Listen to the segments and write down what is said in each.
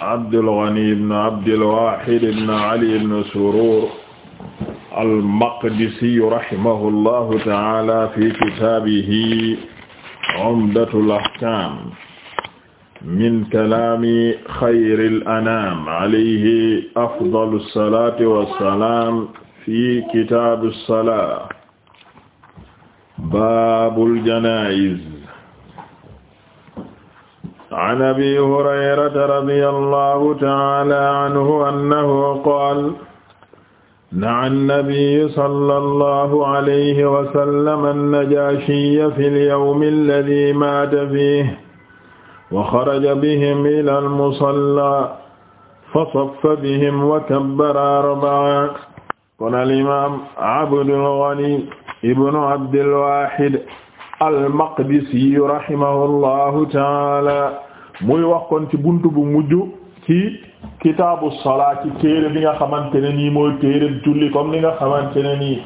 Abdul Ghani ibn Abdul Wahid ibn Ali ibn Surur al-Maqdisi rahimahullahu ta'ala fi kitabihi Umdatul Ahkam min kalaami xayril anaam alayhi afdalu salaati wa salaam fi kitaabi salaa baabul janaa'iz an abi hurayrata radiya allahu taala anhu annahu qaal na'a annabiyu sala allahu alayhi wasallam annajaashiya fi lyowm alladi maata fiihi wa xaraja bihim ila almusalla fa saffa bihim wa kabbara arba'an kon alimaam Abdul Ghani ibnu Abdil Waahid al-Maqdisi rahimahullahu taala muy wax kon ci buntu bu mujj ci kitaabu salaat ci téere bi nga xamante ne nii mooy téere julli comme li nga xamante ne nii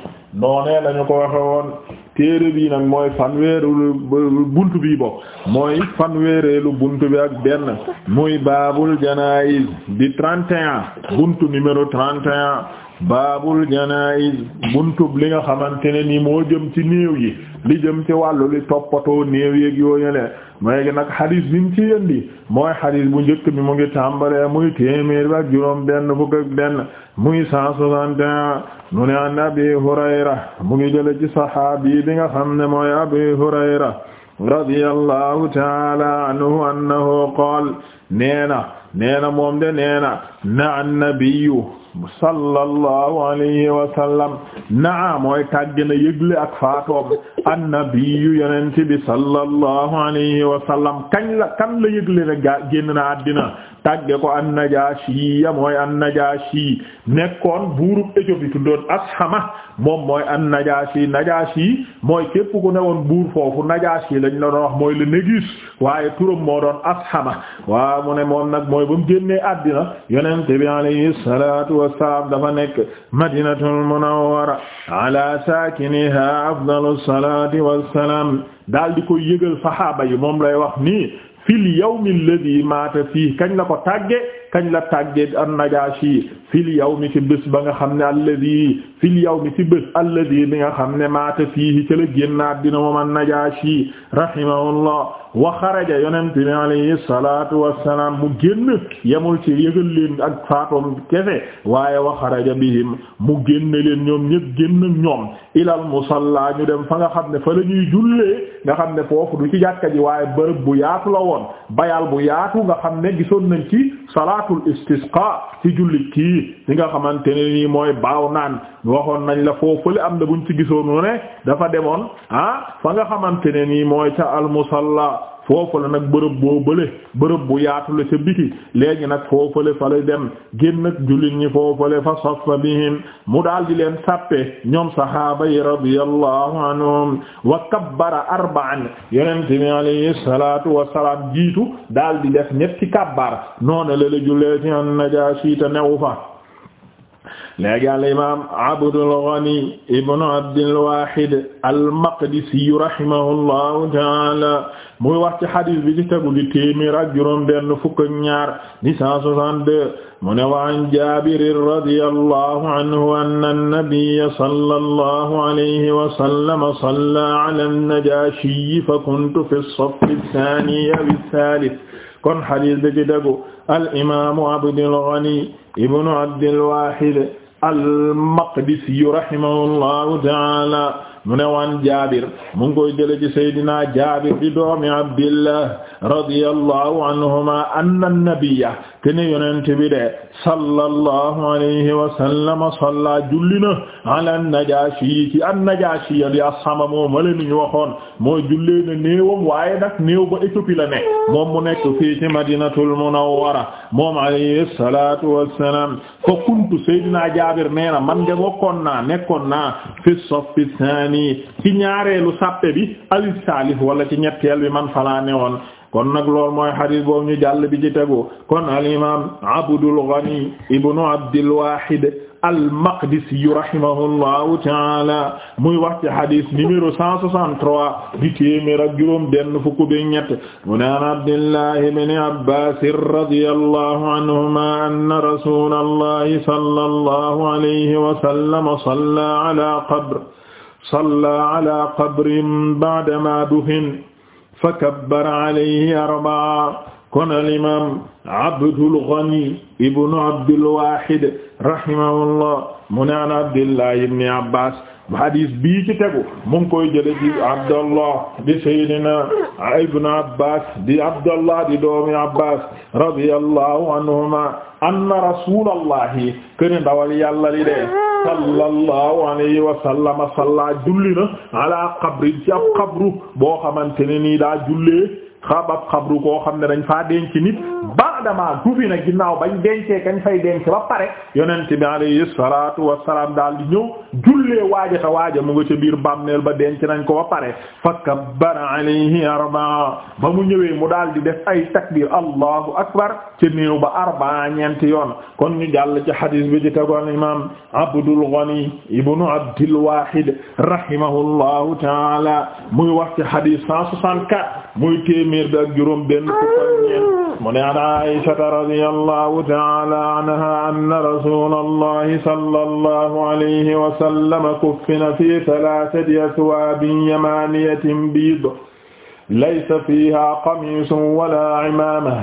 noonee lañu ko waxe woon téere bi nag mooy fanweeru buntu bi bokk mooy fanweereelu buntu bi ak benn muy baabul janaayiz di 31 buntu numéro 31 baabul janaayiz buntub li nga xamante ne ni moo jëm ci néew yi li jëm ci wàllu li toppatoo néew yeeg yooyu ne léegi nag xadis bi mu mooy xadis bu njëkk bi mu ngi tàmbalee muy téeméer ba juróom benn fukk ak benn muy cent soixante mu an abi hurayra mu ngi jële ci saxaabi bi nga xam ne mooy abi hurayra radiyallahu taala anhu annahu qaal nee na moom de nee na na sallallahu alayhi wa sallam naa mooy tàgg na yëgle ak faatoom annabiyyu yonent bi sallallahu alayhi wa sallam kañ la kan la yëgle ne gaa génn na àddina tàgge ko an-Najaashi ya mooy an-Najaashi nekkoon buurub Éthiopie tuddoon Ashama moom mooy an-Najaashi Najaashi mooy képp ku ne woon buur foofu Najaashi lañ la doon wax mooy le Négus waaye turam moo doon Ashama waaw mu ne moom nag mooy ba mu génnee àddina yonent bi alayhi salaatu wassalaam dafa nekk Madinatul Munawwara ala saakiniha afdalu salaam salaati wassalaam daal di koy yëgal saxaaba yi moom lay wax nii fil yawmi alladhi maata fii kañ la ko tàgge kañ la tàgge an-Najaashi fil mi ci bés ba nga xam ne alladi fil yawmi ci bés alladi bi nga xam ne maata fiihi ca la génnaat dina moom an-Najaashi rahimahullah wa xaraja yonent bi alayhi salaatu wassalaam mu génn yemul ci yëgal leen ak faatoom kese waaye wa xaraja bihim mu génn leen ñoom ñëpp génn ñoom ilal musalla ñu dem fa nga xam ne fa lañuy ñuy jullee nga xam ne foofu du ci jàkka ji waaye bërëb bu yaatu la woon bayal bu yaatu nga xam ne gisoon nañ ci salaatul istisqa ci julli kii fii nga xamante ne nii mooy baaw naan waxoon nañ la foofule am na buñ ci gisoon ne dafa demoon ah fa nga xamante ne nii mooy ca al musalla foofu la nag bërëb boo bële bërëb bu yaatu la ca biti léegi nag foofale fa la dem génn ak ñi foofale fa saffa bihim mu daal di leen sàppe ñoom sahaaba yi radiyallahu anhum wa kabbara arba'an yonente bi alayhi wa wasalaam jiitu daal di def ñetti kabbar noona la la jullee ci an Najaashi ta fa léegi al imaam Abdul Ghani ibn Abdil Wahid al-Maqdisi rahimahullahu ta'ala muy wax ci xadis bi ci tegu di téeméer ak juróom benn fukk ak ñaar di cent soixante-deux mu ne wa an Jaabir radiyallahu anhu anna an-nabiyya sallallahu alayhi wa sallam salla ala an-Najashi fa kuntu fi as-saff ath-thani aw ath-thalith kon xadis bi ci tegu al imaamu Abdul Ghani ibnu abdilwahid almaqdisi rahimahullahu taala mu ne waan jaabir mu ngi koy jële ci saydina jaabir di doomi abdillah radiyallahu anhuma anna nabiyya kene yonent bi de sallallahu alayhi wa sallam salla julli na ala najashi ci an najashi ya ya sama moo ma leen ñu waxoon mooy jullee na néewam waaye nag néew ba Éthiopie la ne moom mu nekk fii ci madinatul munawwara moom alayhi salatu wassalam fa kuntu sayyidina Jaabir nee man de bokkoon naa nekkoon naa fi saffi saani ci ñaareelu sàppe bi al salih wala ci ñetteel bi man fa laa kon nag loolu mooy xadis boobu ñu jàll bi ci tegu kon al imam Abdul Ghani ibnu Abdil Wahid al-Maqdisi rahimahullahu taala muy wax ci xadis numéro 163 di téeméer ak juróom benn fukk bi ñett mu naan Abdullah ibn Abbas radiyallahu anhuma anna rasulallahi sallallahu alayhi wa sallam salla ala qabr salla ala qabrin ba'dama dufin fa kabbara alayhi arba'a kon al-imaam Abdul Ghani ibn Abdul Wahid rahimahullah mu ne an Abdullah ibn Abbas hadis bii ci tegu mu ngi koy jële ci Abdullah di Seydina ibn Abbas di Abdullah di doomi Abbas radiyallahu anhuma anna rasulallahi kene dawal yàlla li de sallallahu alayhi wa sallama salla julli na ala qabri ci ab qabru boo xamante ne nii daa jullee xabab xabru koo xam ne dañ faa denc nit ba baadama dufi na ginnaaw bañ dencee kañ fay denc ba pare yonent bi alayhi salatu wasalaam daal di ñëw jullee waaja ta waaja mu nga ca biir bàmmeel ba denc nañ ko ba pare fa kabbara alayhi arba ba mu ñëwee mu daal di def ay takbir allahu akbar ca néew ba arba ñeenti yoon kon ñu jàll ci hadis bi ci tegoon imam Abdul Ghani ibnu Abdil Wahid rahimahullahu taala muy wax ci hadis 164 muy téeméer bi ak juróom benn fukk ak ñeent mu ne aysata radiyallahu ta'ala anha anna rasulallahi sallallahu alayhi wa sallam kuffina fi thalathati athwaabin yamaniyatin biid laysa fiha qamisun wala imaama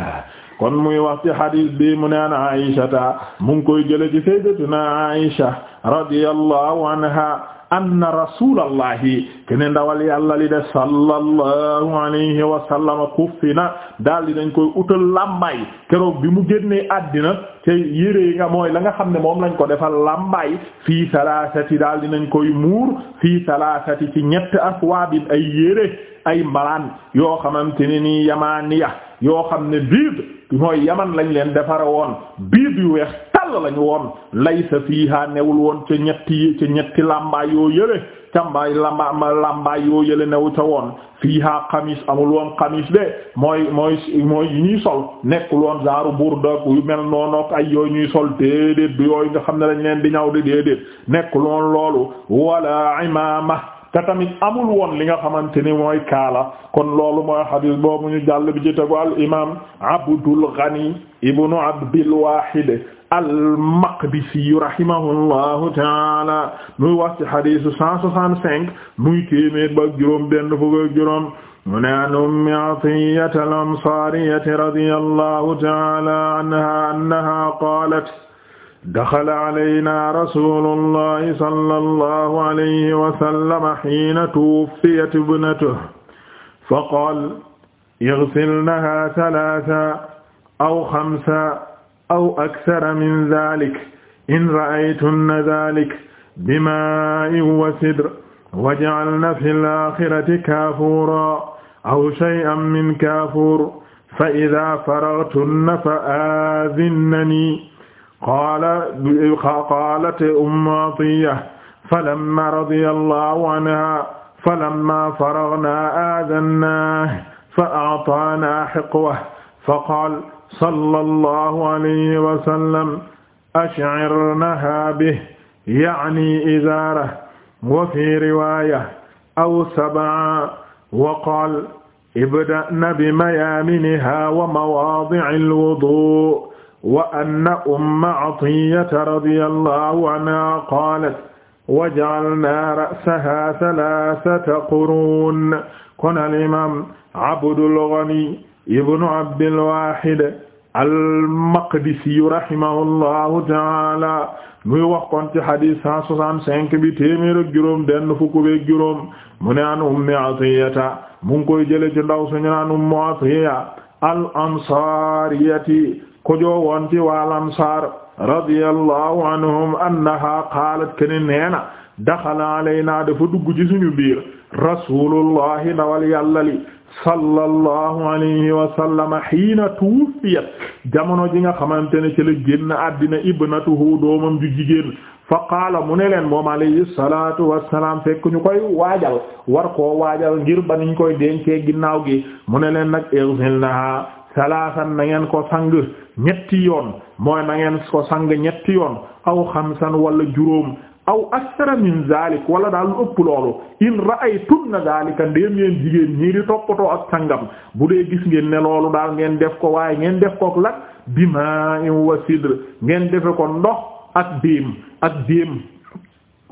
kon muy wax ci xadis bi mu naan aysata mu ngi koy jële ci sayyidatuna aysha radiyallahu anha anna rasulallahi kene ndawal yàlla li de sallallahu alayhi wa sallam kuffina daal di dañ koy utal làmbaay keroog bi mu génnee àddina te yére yi nga mooy la nga xam ne moom lañ ko defal làmbaay fii salaasati daal di nañ koy muur fii salaasati ci ñett aswaabin ay yére ay mbalaan yoo xamante ne ni yamaaniya yoo xam ne biid mooy yaman lañ leen defare woon biid yu weex sell lañu woon laysa fiiha newul woon ca ñetti ca ñetti làmbaay yoo yële ca mbaay lamba làmbaay yoo yële newu ca woon fiiha xamis amul woon xamis de mooy mooy mooy yu ñuy sol nekkul woon genre burda yu mel noonu ak ay yooyu ñuy sol déedéet du yooyu nga xam ne dañ leen di ñaw di déedéet nekkul woon loolu wala imaama te tamit amul woon li nga xamante ni mooy kaala kon loolu mooy xadiis boobu ñu jàll bi ci tegu al imaam Abdul Ghani ibnu Abdil Wahid al-Maqdisi rahimahullahu taala muy wax ci xadiisu cent soixante-cinq muy téeméer ba juróom benn fukk ak juróom mu ne an ummi Atiyata al-Ansaariyati radiyallahu taala anha annaha qaalat daxala alaynaa rasuulullahi sallallahu alayhi wa sallam hiina tuwuffiyat ibnatuhu faqaala ighsilnahaa salaasan aw xamsan aw akthara min dhaalika in ra'aytunna dhaalika bimaa'in wa sidrin wa ja'alnaa fil aaxirati kaafuuran aw shay'an min kaafuurin fa idhaa faraghtunna fa'aadhinnanii qaala qaalat ummu atiya falamma radiya allahu anha falamma faragna aadannah fa a'taana hiqwa faqaal sallallahu alayhi wa sallam ash'irnaha bihi ya'ni izaarahu wa fii riwaaya aw sab'an wa qaal ibda'na bimayaaminiha wa mawaadi'il wudu' wa anna umma atiyata radiyallahu anha qaalat waja'alna ra'saha thalathata qurun kon al imam Abdul Ghani ibnu Abdil Wahid al-Maqdisi rahimahullahu ta'ala muy wax kon ci hadith 165 bi téeméer ak juróom benn fukk ak juróom mu ne an ummi atiyata mu ngi koy jële ci ndaw suñu naan ummu atiya al-ansariyati ko joowoon ci wal ansaar radiyallahu anhum annaha qaalat kene neena daxala alaynaa dafa dugg ci suñu biir rasulullahi ndawal yàlla sallallahu alayhi wa sallam hiina tuwufiyat jamono ji nga xamante ne ci la génn àddina ibnatuhu doomam ju fa qaala mu ne leen moom alayhi salaatu wassalaam fekk koy waajal war koo waajal ngir ba koy dencee ginnaaw gi mu ne leen nag irsilnaha salaasan na ngeen ko sang ñetti yoon mooy na ngeen ko sang ñetti yoon aw xamsan wala juróom aw aksara min zalik wala daal lu ëpp loolu in ra'aytunna zalika ndéem yeen jigéen ñii di toppatoo ak sangam bu dee gis ngeen ne loolu daal ngeen def ko waaye ngeen def ko lak bima'in wa sidr ngeen defe ko ndox ak déem ak déem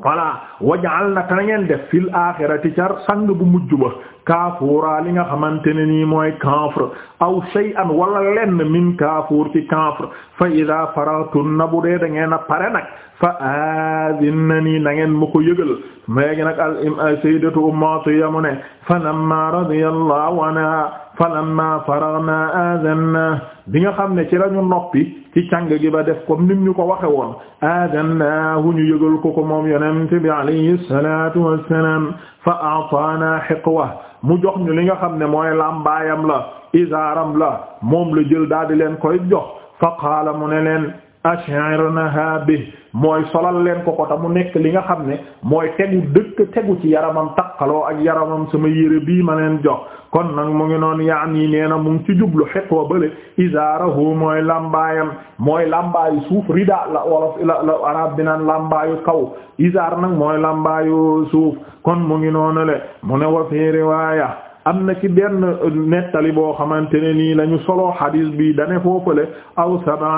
voilà wajal na te ngeen def fil axirati car sang bu mujj ba kaafuura li nga xamante ne nii mooy kanfre aw shay'an wala lenn min kaafuur ci kanfre fa ida faragtun na bu dee da ngeen a pare nag fa aadinnanii na ngeen ma ko yëgal léegi nag al sayyidatu Ummu Atiyya mu ne fa lamma radiyallahu anha falamma faragna azanna bi nga xam ne ci lañu noppi ci càng gi ba def comme nim ñu ko waxe woon azanna hu ñu yëgal ko ko moom yonent bi alayhi salatu wassalam fa a'tana hiqwa mu jox ñu li nga xam ne mooy làmbaayam la izaaram la moom la jël daal di leen koy jox fa qaala mu ne leen ash'irnaha bi mooy solal leen ko ko ta mu nekk li nga xam ne mooy tegu dëkk tegu ci yaramam takkaloo ak yaramam sama yére bii ma leen jox kon nag mu ngi noonu yaan yi nee na mu ngi ci jublu xiqwa bale izaarahu mooy lambaayam mooy lambaayu suuf rida la wolof la la arab bi naan lambaayu kaw izaar nag mooy lambaayu suuf kon mu ngi noonu le mu wa fi riwaaya am na ci benn nettali boo xamante ne nii la ñu soloo xadiis bi dane foofale aw sama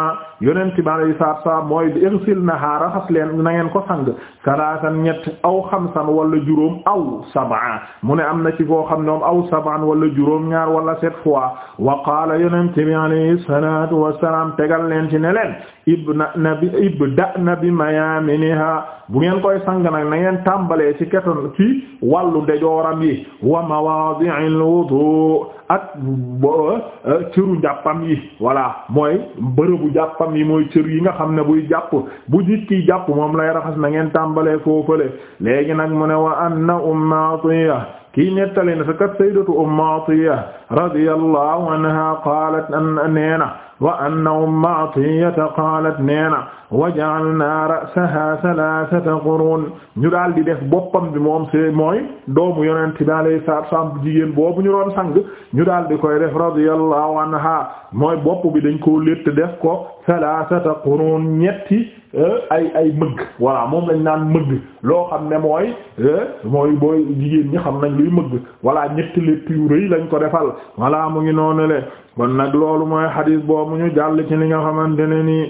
yonent bi alayhi salaatu salaam mooy irsilnahaa raxas leen nangeen ngeen ko sang salaasan ñett aw xamsan wala juróom aw sab'a mu ne am na ci koo xam ne moom aw sab'an wala juróom ñaar wala sept fois wa qaala yonent bi alayhi salaatu wassalaam tegal leen ci ne leen ibna nabi ibda nabi mayaaminiha bu ngeen koy sang nag na ngeen tàmbalee ci keton ci de ndejooram yi wa mawaadi jami'il wudu ak eh, cëru jàppam yi voilà mooy bërëbu jàppam yi mooy cër yi nga xam ne buy jàpp bu nit ki jàpp moom lay raxas na ngeen tàmbalee foofale léegi nag mu ne wa na umma atiya kii nettali na kat sayyidatu a Atiyya radiyallahu anha qaalat an neena wa anna Ummu Atiyyata qaalat neena wa ja'alnaa ra'sahaa salaasata qurun ñu daal di def boppam bi moom see mooy doomu yonent bi alayhi salaam jigéen boobu ñu doon sang ñu daal di koy def radiyallahu anha mooy bopp bi dañ koo létt def ko salaasata qurun ñetti Euh, ay ay mëgg voilà moom lañ naan mëgg loo xam ne mooy euh, mooy booy ñi xam nañ luy mëgg voilà ñetti létt yu rëy lañ ko defal voilà mu ngi noonu le kon nag loolu mooy xadiis boobu ñu jàll ci li nga xamante ne nii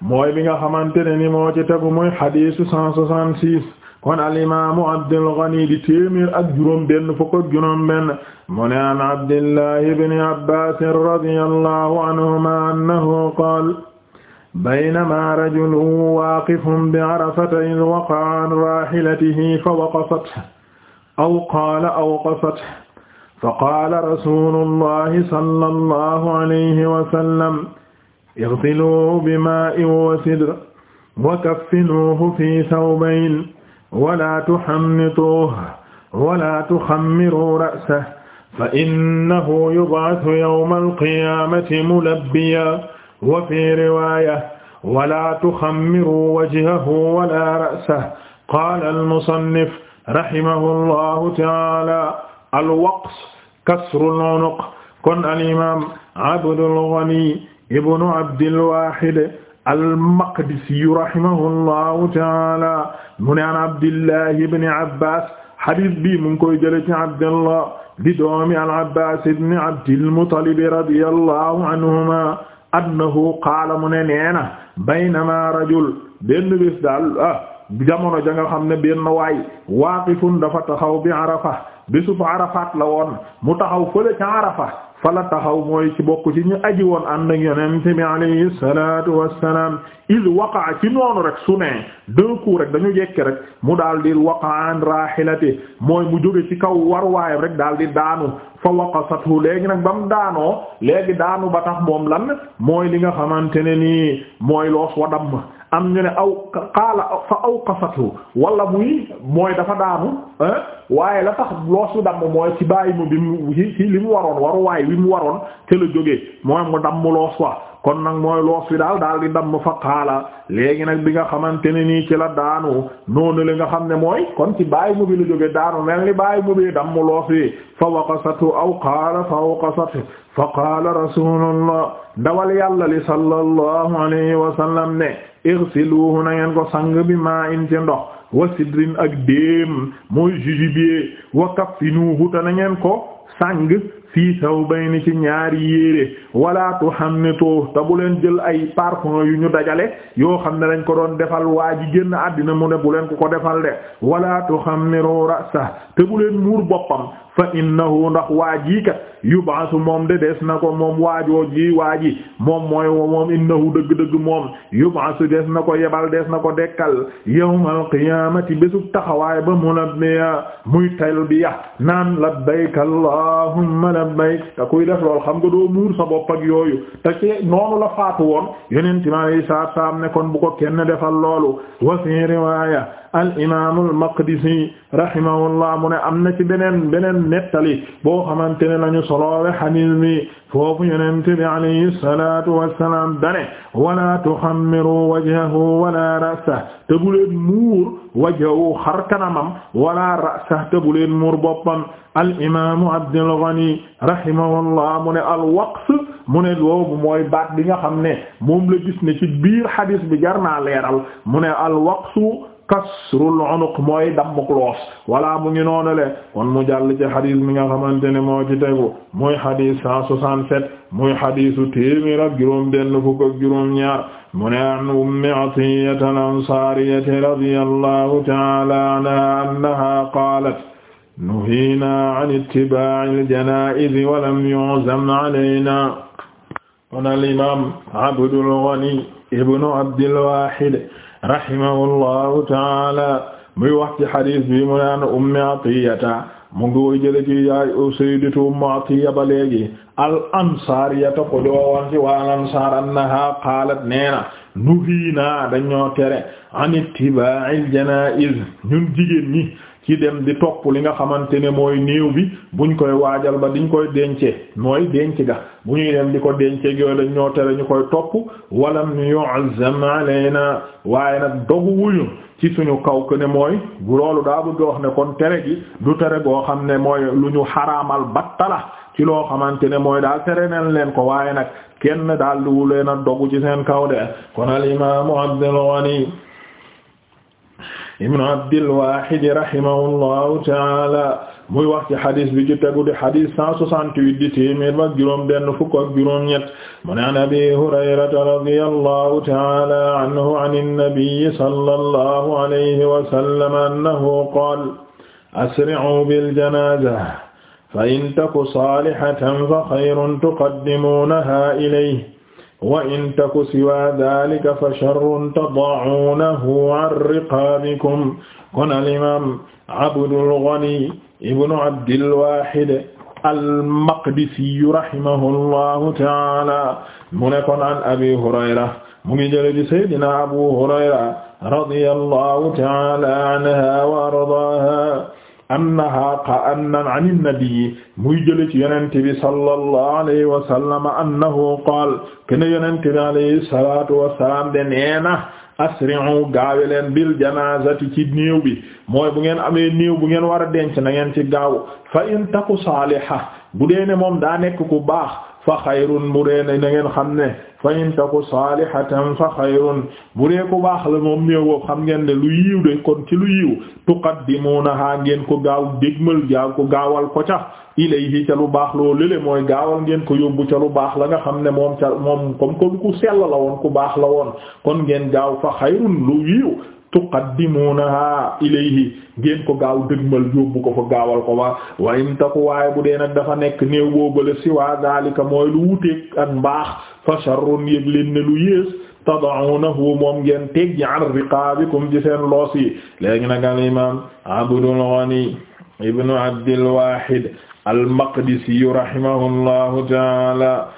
mooy bi nga xamante ne ni moo ci tegu muy xadiisu cent soixante-six kon alimaamu Abdul Ghani di téeméer ak juróom benn fukk juróom benn mu ne an Abdillahi ibn Abbaas radiyallahu anhuma annahu qaala baynama rajulun waaqifun bi arafata iz waqa'a an raahilatihi fa waqafat aw qaala awqafat fa qaala rasuulullahi sallallahu alayhi wa sallam ighsiluuhu bimaa'in wa sidrin wa kaffinuuhu fii thawbayn wa laa tuhammituuhu wa laa tuxammiruu ra'sahu fa innahu yub'athu yawma al-qiyaamati mulabbiyan wa fi riwaya wala tuxammiru wajhahu wala ra'sahu qaala al-musannif rahimahullahu ta'ala al-waqs kasru al-unuq kon al-imaam Abdul Ghani ibnu Abdil Waahid al-Maqdisi rahimahullahu ta'ala mu ne an Abdillah ibn Abbas hadiis bi mu ngi koy jëlee ci Abdallah di doomi al-Abbas ibn Abdil Muttalib radiyallahu anhuma annahu qaala mu ne nee na baynama rajul benn bés daal ah jamono ja nga xam ne benn waay waaqifun dafa taxaw bi arafa bésu fa arafaat la woon mu taxaw fële ca arafa fala taxaw mooy ci bokk ci ñu aji woon ànd ak yonent bi alayhi salatu wassalam il waqaa ci noonu rek su ne deux rek dañu yekke rek mu daal di waqaan rahilati mooy mu jóge ci kaw war waayam rek daal di daanu fa waqasatu léegi nag ba mu daanoo léegi daanu ba tax moom lan mooy li nga xamante ne nii mooy loos wa damm am ñu ne aw qaala fa awqafatu wala muy mooy dafa daanu waaye la tax loosu damm mooy ci bàyyi mu bi mu ci li mu waroon waru waaye wi mu waroon te la jóge mooy mu damm loos wa kon nag mooy loos wi daal daal di damm fa qaala léegi nag bi nga xamante ne nii ci la daanu noonu li nga xam ne mooy kon ci bàyyi mu bi la jógee daanu mel ni bàyyi mu bi damm loos wi fa waqasatu aw qaala fa awqasatu fa qaala rasulullah dawal yàlla li sallallahu alayhi wa sallam irsiluhu na ngeen ko sang bi maa in ci ndox wa sidrin ak déem mooy jujubier wa kaffinuhu ta na ngeen ko sang fii sawbayni ci ñaari yéere wala tuhammitu te bu leen jël ay parfum yu ñu dajale yoo xam ne dañ ko doon defal waa ji génn àddina mu ne bu leen ku ko defal de wala tuhammiru ra'sa te bu leen muur boppam fa innahu ndax waa ji kat yubaasu moom de des na ko moom waajoo ji waaji moom mooy moom innahu dëgg-dëgg moom yubaasu des na ko yebal des na ko dekkal yawmal qiyaamati bésub taxawaay ba mu labbiya muy talbiya naan labbayk allahumma labbayk te kuy def lool xam nga doo muur sa bopp ak yooyu te ci noonu la faatu woon yeneen timaay saat saam ne kon bu ko kenn defal loolu wa fi riwaaya al imaamul maqdisi rahimahullah mu ne am na ci beneen beneen nettali boo xamante lañu soloowe xadis bi foofu yonent bi alayhi salatu wassalam dane wala tuxammiru wajhahu wala ra'sahu te bu leen muur wajhahu xar kanamam wala ra'sahu te bu leen muur boppam al imaamu Abdul Ghani rahimahullah mu ne al waqf mu ne loobu mooy baat bi nga xam ne moom la gis ne ci biir xadis bi jar naa leeral mu ne al waqf kasrul unuq mooy dammuk loos walla mu ngi noonu le kon mu jàll ci xadis mi nga xamante ne moo ci tegu muy xadis cent soixante-sept muy xadisu téeméer ak juróom benn fukk ak juróom ñaar mu ne an ummi atiyata al ansaariyati radiyallahu ta'ala anha annaha qaalat nuhiina an ittiba'il janaa'iz wa lam yu'zam alayna kon al imam Abdul Ghani ibnu Abdil Waahid rahimahullahu taala muy wax ci xadiis bi mu naan ummi atiyata mu ngi koy jële ci yaay sayyidatu ummu atiya ba léegi al ansaariyata ko joowoon ci waa al ansaar annaha qaalat neena nuhiina dañoo tere an ittiba'il janaa'iz ñun jigéen ñi ci dem di topp li nga xamante ne mooy néew bi buñ koy waajal ba diñ koy dencee mooy denc ga bu ñuy dem di ko denceeg yooyu ñoo tere ñu koy topp walam yu'azzam na waaye nag dogu wuñu ci suñu kaw que ne mooy loolu daa bëgg wax ne kon tere gi du tere goo xam ne mooy lu ñu xaraamal battala ci loo xamante ne mooy daal tere neen leen ko waaye nag kenn daal di wu leen a dogu ci seen kaw de kon al imaamu Abdul ibnu abdilwahidi rahimahullahu taala muy wax ci xadis bi ci tegu di xadis 168 di téeméer ba juróom benn fukk ak juróom ñett mu ne an abi hurayrata radiyallahu taala anhu an annabiyi sallallahu alayhi wa sallam annahu qaala asri'u bil janaazati fa in taku saalihatan fa xayrun tuqaddimuunahaa ilayhi wa in taku siwa dalika fa sharrun tada'unahu an riqaabikum kon al-imaam Abdul Ghani ibnu Abdil Waahid al-Maqdisi rahimahullahu ta'aala mu ne kon an Abi Hurayra mu ngi jële di Seydina Abu Hurayra radiyallahu ta'aala anha wa ardaaha annaha qa annan an innabii muy jële ci yonente bi sallallahu alayhi wa sallam annahu qaal kene yonente bi alayhi salatu wasalaam de neena asri'u gaawe leen bil janazati ci néew bi mooy bu ngeen amee néew bu ngeen war a denc na ngeen ci gaaw fa in taku saaliha bu dee ne moom daa nekk ku baax fa xayrun bu dee ne na ngeen xam ne fa in taku salihatan fa xayrun bu dee ku baax la moom néew boobu xam ngeen ne lu yiw de kon ci lu yiw tuqaddimunaha ngeen ko gaaw dégmal gaaw ko gaawal ko ca ilayhi ca lu baax loo lële mooy gaawal ngeen ko yóbbu ca lu baax la nga xam ne moom ca moom comme ko ku sell la woon ku baax la woon kon ngeen gaaw fa xayrun lu yiw tuqaddimunaha ilayhi ngeen ko gaaw dëgmal yóbbu ko fa gaawal ko wa wa in taku waaye bu dee nag dafa nekk néew boobale si waa daalika mooy lu wuteeg ak mbaax fa sharrun yëg leen ne lu yées tadaunahu moom ngeen teggi an riqaabikum ci seen loos yi léegi nag al imam Abdul Ghani ibnu Abdil Wahid al Maqdisi rahimahullahu taala